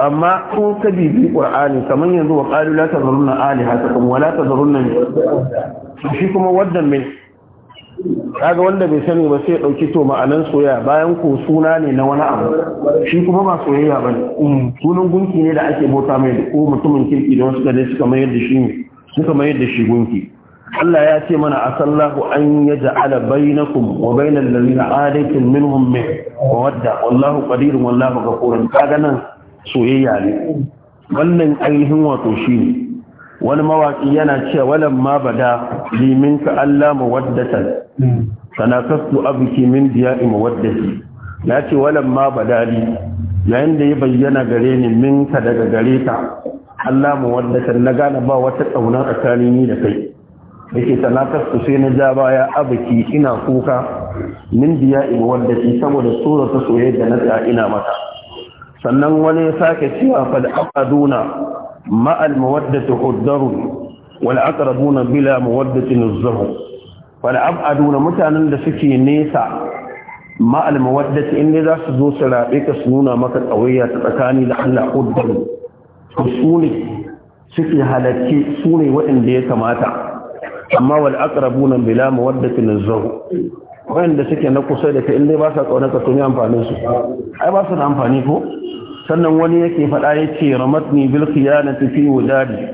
amma kun sabi bi qur'ani kaman yanzu wa qalu la tazurunna alihatakum wa la tazurunna shi kuma wadda mai kaga wanda bai sani ba sai ɗauki dauki to ma'anan soyayya bayan ko suna ne na wani abu shi kuma ba soyayya ba ne sunan gunki ne da ake bota mai ko mutumin kirki da wasu gane suka mayar da shi suka mayar da shi gunki Allah ya ce mana a asallahu an yaj'ala bainakum wa bainal ladina adaytum minhum mawadda wallahu qadirun wallahu ghafurun kaga nan soyayya ne wannan ainihin wato shi ne. wani mawaƙi yana cewa walam ma bada liminka Allah mawaddatan kasu abki min diya'i mawaddati ya ce walam ma badali yayin da ya bayyana gare ni minka daga gare ka Allah mawaddatan na gane ba wata kauna tsakanin ni da kai yake na su sai na ja baya abaki ina kuka min biya in wanda ke saboda tsoro ta soyayya da na tsaya ina mata sannan wani ya sake cewa fa da aqaduna ma al mawaddatu huddaru wal aqrabuna bila mawaddatin azzahu fa da aqaduna mutanen da suke nesa ma al mawaddati in za su zo su rabe ka su nuna maka tsawayya ta tsakani da Allah huddaru su ne suke halacce su ne waɗanda ya kamata amma wal aqrabuna bila mawaddatin zahu da suke na kusa da kai in dai ba sa kaunar ka tuni amfanin su ai ba su da amfani ko sannan wani yake faɗa yace ramatni bil khiyanati fi wudadi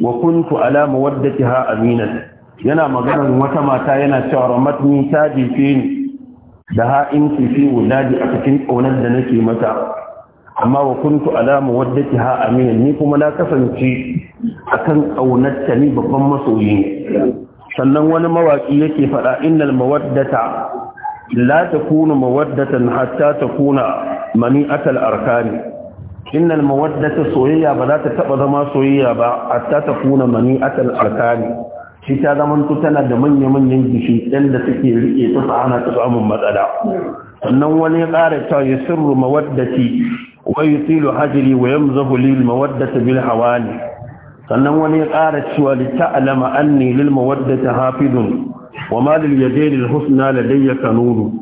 wa kuntu ala mawaddatiha aminan yana maganar wata mata yana cewa ramatni ta jefe ni da in fi wudadi a cikin kaunar da nake mata amma wa kuntu ala mawaddatiha aminan ni kuma na kasance akan kaunarta ni babban masoyi sannan wani mawaki yake faɗa innal mawaddata la takunu mawaddatan hatta takuna mani'atal arkani innal mawaddata soyayya ba za ta taba zama soyayya ba hatta takuna mani'atal arkani shi ta zaman tana da manya-manyan gishi ɗan da suke rike ta ana ta samun matsala sannan wani ya ƙara cewa ya sirru mawaddati wa yutilu hajri wa yamzahu lil mawaddati bil hawani sannan wani ya ƙara cewa lita'alama anni lil mawaddati hafizun wa ma lil yadayn al husna da dai ya kanunu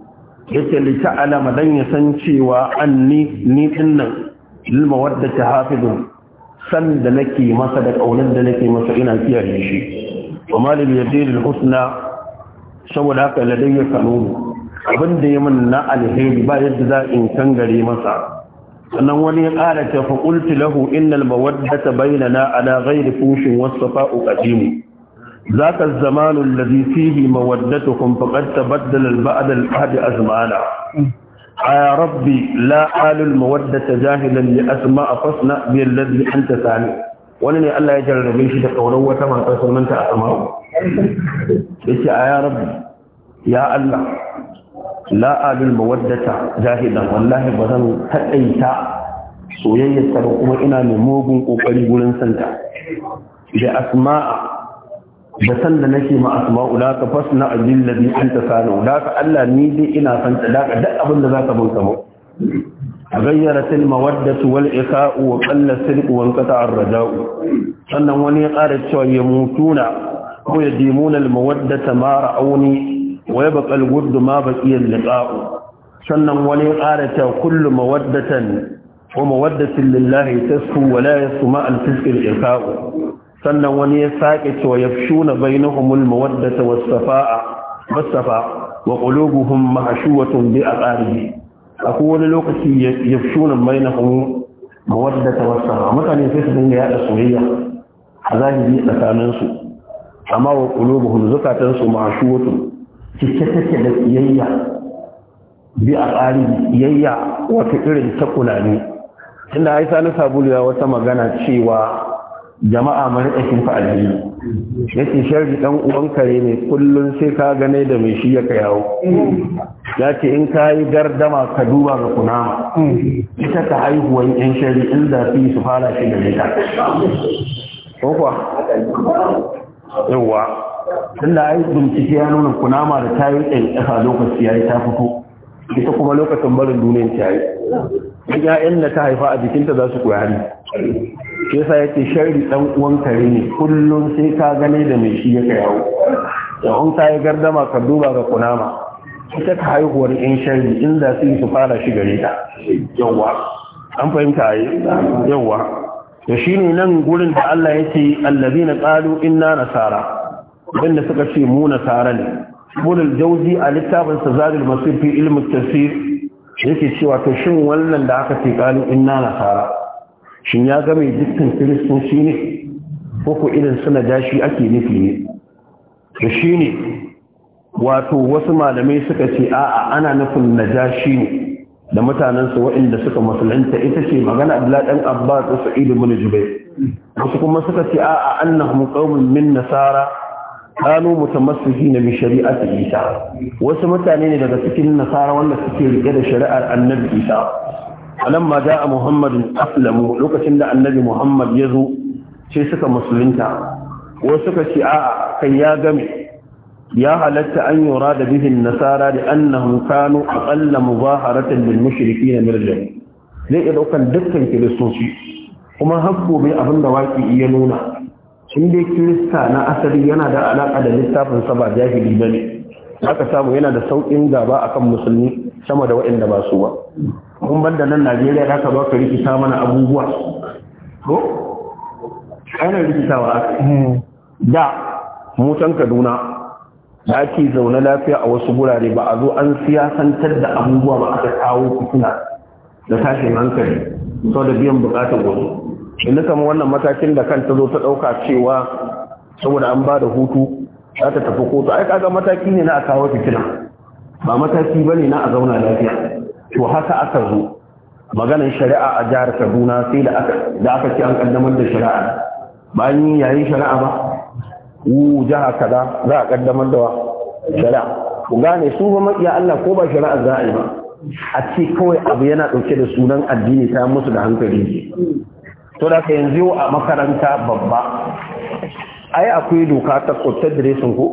yace lita'alama dan ya san cewa anni ni dinnan lil mawaddati hafizun san da nake masa da ƙaunar da nake masa ina kiyaye shi wa ma lil yadayn al husna saboda haka da dai ya kanunu abin da ya min na alheri ba yadda za in kangare masa sannan wani ya ƙara ta faƙulti lahu innal mawaddata bainana ala ghairi fushin wasafa'u qadimu ذاك الزمان الذي فيه مودتكم فقد تبدل البعد الأهد أزمانا يا ربي لا آل المودة جاهلا لأسماء فاصنع بالذي أنت ثاني ولن الله يجعل ربي شيء تقولا وتما تصل من تأسماء يا ربي يا الله la mawaddata jahilan wallahi ba zan taɗaita soyayyar ba kuma ina mai mugun wurin gurin santa da asma'a da san da nake ma asma'u da ka fasna ajil ladhi anta sanu Da ka Allah ni dai ina san ta ka duk abin da zaka bauta mu غيرت ƙalla والإخاء وقل السرق وانقطع الرجاء sannan wani ya ƙara cewa ya mutuna ko ya dimuna almawaddata ma ra'auni wa yabqa al-wudd ma baƙiyar al-liqa'u sannan wani ƙara ta kullu mawaddatan wa mawaddatin lillahi tasfu wa ya yasma al-fisqil irka'u sannan wani ya sake cewa yafshuna bainahumul mawaddata was-safa'a was-safa wa qulubuhum mahshuwatun bi aqaribi akwai wani lokaci ya fi shuna bai yafshuna bainahum mawaddata was-safa mutane sai su dinga yada soyayya a zahiri tsakaninsu amma wa qulubuhum zukatansu mahshuwatun cike take da siyayya bi a tsari siyayya wata irin ta kulani inda haisa na sabulu ya wata magana cewa jama'a mara ɗakin fa alheri ya ce sharri ɗan uwan kare ne kullum sai ka gane da mai shi ya ka yawo ya ce in ka yi gardama ka duba ga kunama ita ka haihuwan yan shari in da fi su fara shi da nita ko kuwa yawwa da ai bincike ya nuna kunama da ta yi ƙasa lokaci ya yi ta fito ita kuma lokacin barin duniyar ta yi duk ƴaƴan da ta haifa a jikinta za su koya ne shi yasa yake sharri ɗan uwan kare ne kullum sai ka gane da mai shi ya yawo. da an ta yi gardama ka duba ga kunama ita ta haihuwar ƴan sharri inda su su fara shi gare ta yawwa an fahimta yi yawwa da ne nan gurin da Allah ya ce na qalu inna nasara wanda suka ce mu nasara ne ibn al a littafin sa masu masir fi ilm tafsir yake cewa to shin wannan da aka ce kalu inna nasara shin ya ga mai dukkan kiristoci ne ko ko irin suna jashi ake nufi ne to ne. wato wasu malamai suka ce a'a ana nufin najashi ne da mutanensu waɗanda suka musulunta ita ce magana abdullahi dan abbas da sa'id ibn jubair wasu kuma suka ce a'a annahum qaumun min nasara kanu mutamassuki na bi shari'ati isa wasu mutane ne daga cikin nasara wanda suke rike da shari'ar annabi isa ma da'a muhammadin aslamu lokacin da annabi muhammad ya zo sai suka musulunta wasu suka ce a'a kai ya game ya halatta an yura da bihin nasara da annahum kanu aqalla mubaharatan lil mushrikin min rajul zai iya daukan dukkan kiristoci kuma hakko bai abinda waki iya nuna shi dai kirista na asali yana da alaƙa da littafin sa ba jahili ba ne aka samu yana da sauƙin gaba akan musulmi sama da waɗanda ba su ba kun banda nan najeriya za ka baka rikita mana abubuwa ko ana rikitawa hmm. da mutan kaduna da ake zaune lafiya a wasu gurare ba a zo an siyasantar da abubuwa ba aka kawo fitina da tashin hankali saboda biyan bukatar wasu inda kama wannan matakin da ta zo ta ɗauka cewa saboda an ba da hutu za ta tafi kotu ai kaga mataki ne na a kawo fitina ba mataki bane na a zauna lafiya to haka aka zo maganar shari'a a jihar kaduna sai da aka ce an kaddamar da shari'a bayan yayin shari'a ba wu jiha kaza za a kaddamar da shari'a ku gane su ba maƙiya Allah ko ba shari'a za a yi ba a ce kawai abu yana ɗauke da sunan addini ta musu da hankali to da ka yanzu a makaranta babba ai akwai doka ta kotar diresin ko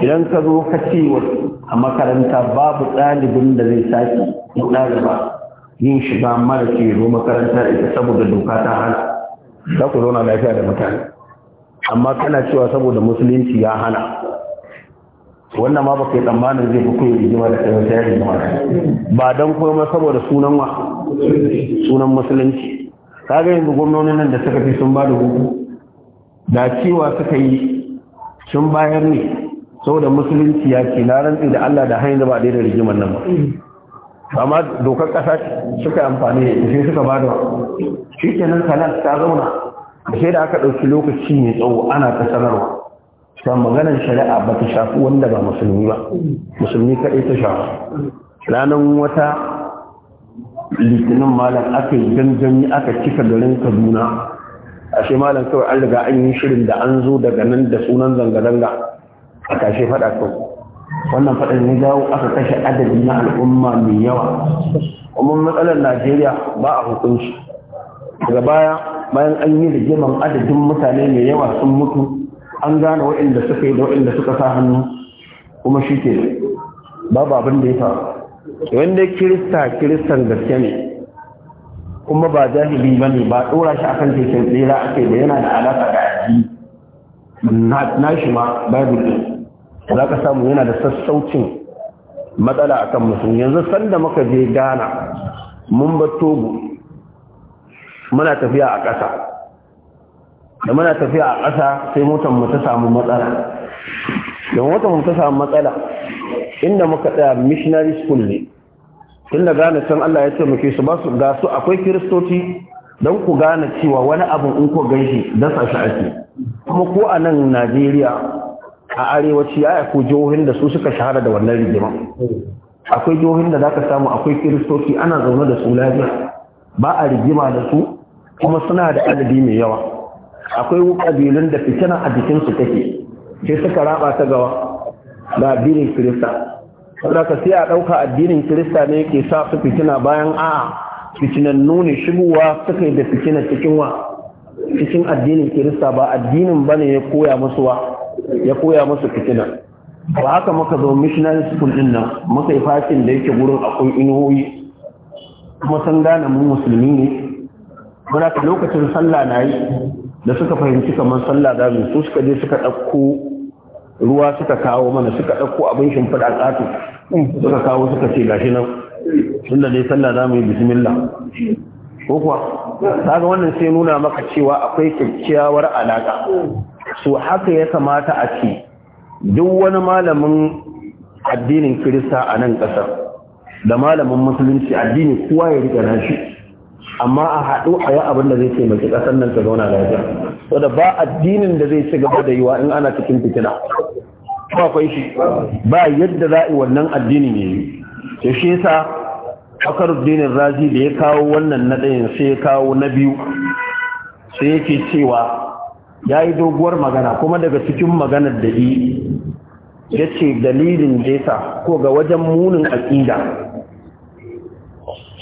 idan ka zo ka ce a makaranta babu ɗalibin da zai sake na ɗaliba yin shiga mara ke zo makaranta ita saboda doka ta hana za ku zauna lafiya da mutane amma kana cewa saboda musulunci ya hana wannan ma baka kai tsammanin zai fi kuyi rigima da kai wata yari ba don kuma saboda sunan sunan musulunci kaga yanzu gwamnonin nan da suka fi sun ba da hudu da cewa suka yi sun bayar ne saboda musulunci ya ce na rantsi da Allah da hanyar ba daidai rigimar nan ba amma dokar kasa suka amfani da sai suka ba da shi kenan kanan ta zauna sai da aka ɗauki lokaci mai tsawo ana ta sanarwa san maganar shari'a ba ta shafi wanda ba musulmi ba musulmi kaɗai ta shafi ranar wata litinin malam aka yi gangami aka cika garin kaduna a shi malam kawai an riga an yi shirin da an zo daga nan da sunan zanga-zanga a kashe fada kawai wannan fadar ne dawo aka kashe adadin na al'umma mai yawa kuma matsalar najeriya ba a hukunci daga baya bayan an yi rigiman adadin mutane mai yawa sun mutu an gane waɗanda suka yi da waɗanda suka sa hannu kuma shi ke babu abin da ya faru wanda kirista kiristan gaske ne kuma ba jahili ba ne ba ɗora shi akan cikin tsira ake da yana da alaƙa da addini na shi ma babu ɗin za ka samu yana da sassaucin matsala akan musulmi yanzu sanda muka je ghana mun ba togo muna tafiya a ƙasa da muna tafiya a ƙasa sai motar mu ta samu matsala don motar mu ta samu matsala inda muka tsaya missionary school ne tun gane can Allah ya ce muke su ba su ga su akwai kiristoci don ku gane cewa wani abin in ku shi don shi ake kuma ko a nan Najeriya a arewaci ya ko jihohin da su suka shahara da wannan rigima akwai jihohin da zaka samu akwai kiristoci ana zaune da su lafiya ba a rigima da su kuma suna da adadi mai yawa akwai kabilun da fitina a jikinsu take sai suka raba ta gawa da addinin kirista wanda ka sai a ɗauka addinin kirista ne ke sa su fitina bayan a fitinan nuni shigowa suka yi da fitina cikin wa cikin addinin kirista ba addinin ba ne ya koya musu wa fitina ba haka muka zo missionary school din nan muka yi fashin da yake gurin akwai inuwoyi kuma sun gane mu musulmi ne muna ka lokacin sallah na yi da suka fahimci kamar sallah da su suka je suka ɗauko ruwa suka kawo mana suka ɗauko abin shimfiɗa ƙato suka kawo suka ce gashi nan tunda dai sallah za mu yi bismillah ko kuwa kaga wannan sai nuna maka cewa akwai kyakkyawar alaka so haka ya kamata a ce duk wani malamin addinin kirista a nan ƙasar da malamin musulunci addini kowa ya riƙa nashi amma a haɗu a yi abin da zai taimaki ƙasar nan ta zauna lafiya da ba addinin da zai ci gaba da yiwa in ana cikin fitina ba kwai shi ba yadda za a wannan addinin ya yi ta shi yasa fakarudinin razi da ya kawo wannan na ɗayan sai ya kawo na biyu sai yake cewa ya yi doguwar magana kuma daga cikin maganar da yi ya ce dalilin jesa ko ga wajen munin aƙida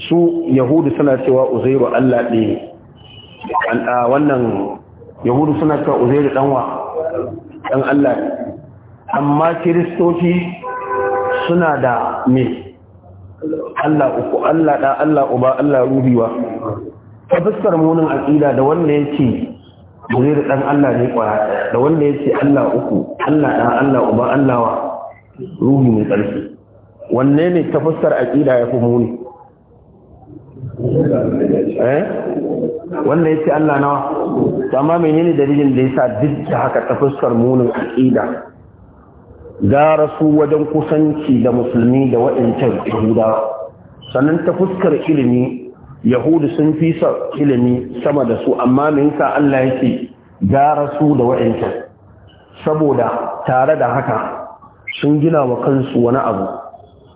su yahudu suna cewa uzairu Allah ne wannan yahudu suna cewa uzairu ɗanwa Ɗan Allah amma kiristoci suna da me Allah uku Allah ɗa Allah uba Allah rubiwa ta fuskar munin aƙida, da wanda ya ce uzairu ɗan Allah ne kwara da wanda ya ce Allah uku Allah da Allah uba Allah wa rubi mai ƙarfi wanne ne ta fuskar aqida ya fi muni eh wanda yace Allah nawa to amma menene dalilin da yasa duk da haka ta fuskar munin aqida gara su wajen kusanci da musulmi da waɗancan yahuda sannan ta fuskar ilimi yahudu sun fi ilimi sama da su amma me yasa Allah yake gara su da waɗancan saboda tare da haka sun gina wa kansu wani abu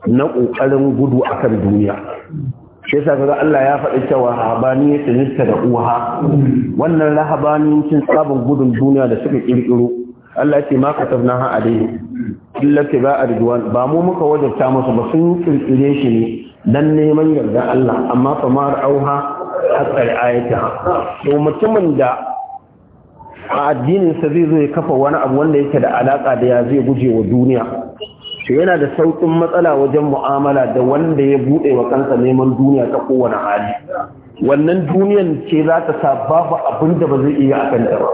na ƙoƙarin gudu akan duniya shi yasa kaga Allah ya faɗi cewa rahabani ya tsinista da uha wannan rahabaniyancin tsabin gudun duniya da suka kirkiro Allah ce ma katabna ha alaihi illa tiba arjuwan ba mu muka wajabta musu ba sun kirkire shi ne dan neman yarda Allah amma fa ma auha haqqal ayata to mutumin da a addinin sa zai zo ya kafa wani abu wanda yake da alaka da ya zai guje wa duniya shi yana da sauƙin matsala wajen mu'amala da wanda ya buɗe wa kansa neman duniya ta kowane hali wannan duniyan ce za ta sa babu abin da ba zai iya a kanta ba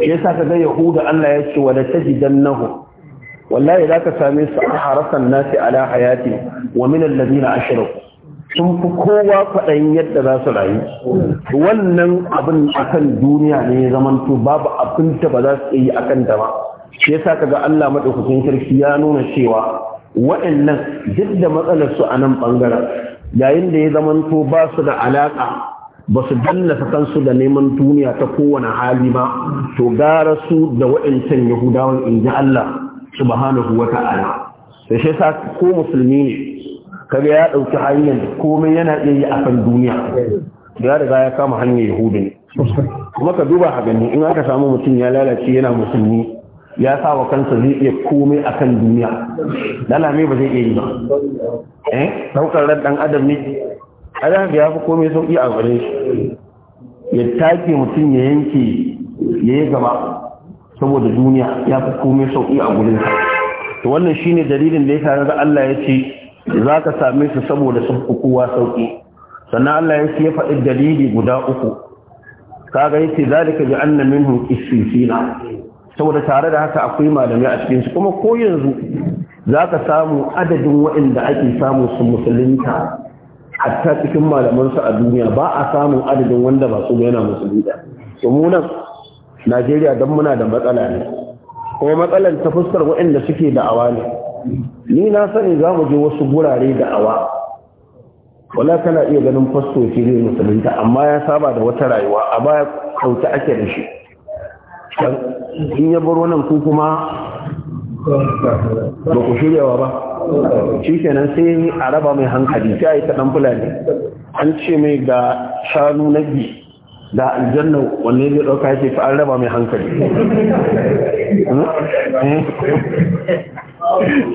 shi yasa ka ga yahuda Allah ya ce wala tajidannahu wallahi za ka same su a harasan nasi ala hayati wa min alladhina ashraku sun fi kowa kwaɗayin yadda za su rayu wannan abin akan duniya ne ya zamanto babu abin da ba za su iya a kanta ba shi yasa kaga Allah madaukakin sarki ya nuna cewa waɗannan duk da matsalar su a nan bangaren yayin da ya zamanto ba su da alaka ba su dallasa kansu da neman duniya ta kowane hali ba to gara su da wa'ancan yahudawan in ji Allah subhanahu wa ta'ala da shi sa ko musulmi ne kaga ya ɗauki hanyar komai yana iya yi a kan duniya ya riga ya kama hanyar yahudu ne kuma ka duba ha gani in aka samu mutum ya lalace yana musulmi ya sa wa kansa zai iya komai a kan duniya lalame ba zai iya yi ba eh daukar ran dan adam ne adam ya fi komai sauƙi a gare shi ya take mutum ya yanke ya yi gaba saboda duniya ya fi komai sauƙi a gurin sa to wannan shine dalilin da yasa ga Allah ya ce za ka same su saboda sun fi sauki sannan Allah ya ce ya faɗi dalili guda uku kaga yace zalika bi anna minhum qissina saboda tare da haka akwai malamai a cikin su kuma ko yanzu za ka samu adadin waɗanda ake samu su musulunta hatta cikin malamansu a duniya ba a samun adadin wanda ba su yana musulunta to nan Najeriya don muna da matsala ne kuma matsalan ta fuskar waɗanda suke da'awa ne ni na sani za mu je wasu gurare da'awa wala kana iya ganin fasto shi zai musulunta amma ya saba da wata rayuwa a baya kauta ake da shi in ya baro nan ku kuma ba ku shiryawa ba shi kenan sai a raba mai hankali sai a yi ta fulani an ce mai ga shanu na biyu da aljanna wanne zai ɗauka yake fa an raba mai hankali hmm? eh?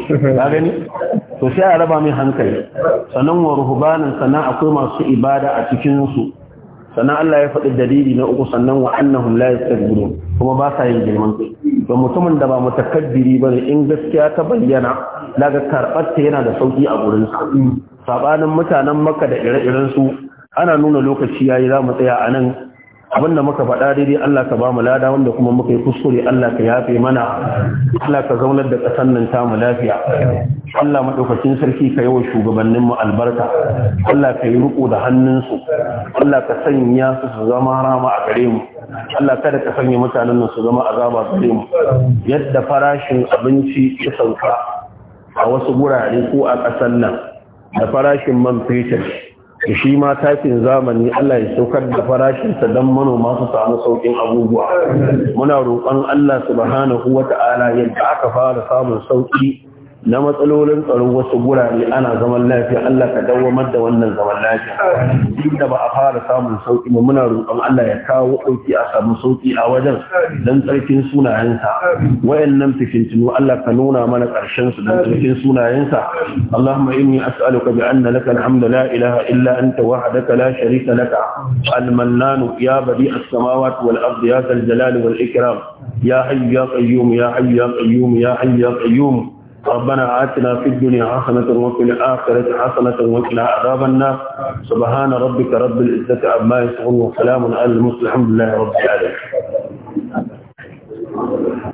ka gani to sai a raba mai hankali sannan wa ruhubanin sannan akwai masu ibada a cikin sannan Allah ya faɗi dalili na uku sannan wa annahum la yastakbirun kuma ba sa yin girman kai ba mutumin da ba mutakabbiri bane in gaskiya ta bayyana daga karɓar ta yana da sauki a gurin su. sabanin mutanen maka da ire-iren su ana nuna lokaci yayi za mu tsaya a nan abinda muka faɗa daidai Allah ka ba mu lada wanda kuma muka yi kuskure Allah ka yafe mana Allah ka zaunar da ƙasar nan ta mu lafiya Allah madaukakin sarki ka yi wa shugabannin mu albarka Allah ka yi riko da hannunsu Allah ka sanya su su zama rama a gare mu Allah kada ka sanya mutanen nan su zama azaba gare mu yadda farashin abinci ya sauka a wasu gurare ko a ƙasar nan da farashin man fetur shi ma takin zamani Allah ya saukar da farashinsa don manoma su samu sauƙin abubuwa muna roƙon Allah subhanahu wata'ala yadda aka fara samun sauƙi na matsalolin tsaron wasu gurare ana zaman lafiya Allah ka dawamar da wannan zaman lafiya duk da ba a fara samun sauki ba muna roƙon Allah ya kawo dauki a samu sauki a wajen dan tsarkin sunayensa wayannan fikintinu Allah ka nuna mana ƙarshen su dan tsarkin sunayensa Allahumma inni as'aluka bi anna laka alhamdu la ilaha illa anta wahdaka la sharika laka al-mannan ya badi as-samawati wal ardi ya zal jalali wal ikram ya hayyu ya qayyum ya hayyu ya qayyum ya hayyu ya qayyum ربنا آتنا في الدنيا حسنة وفي الآخرة حسنة وقنا عذاب النار سبحان ربك رب العزة عما يصفون وسلام على المسلمين الحمد لله رب العالمين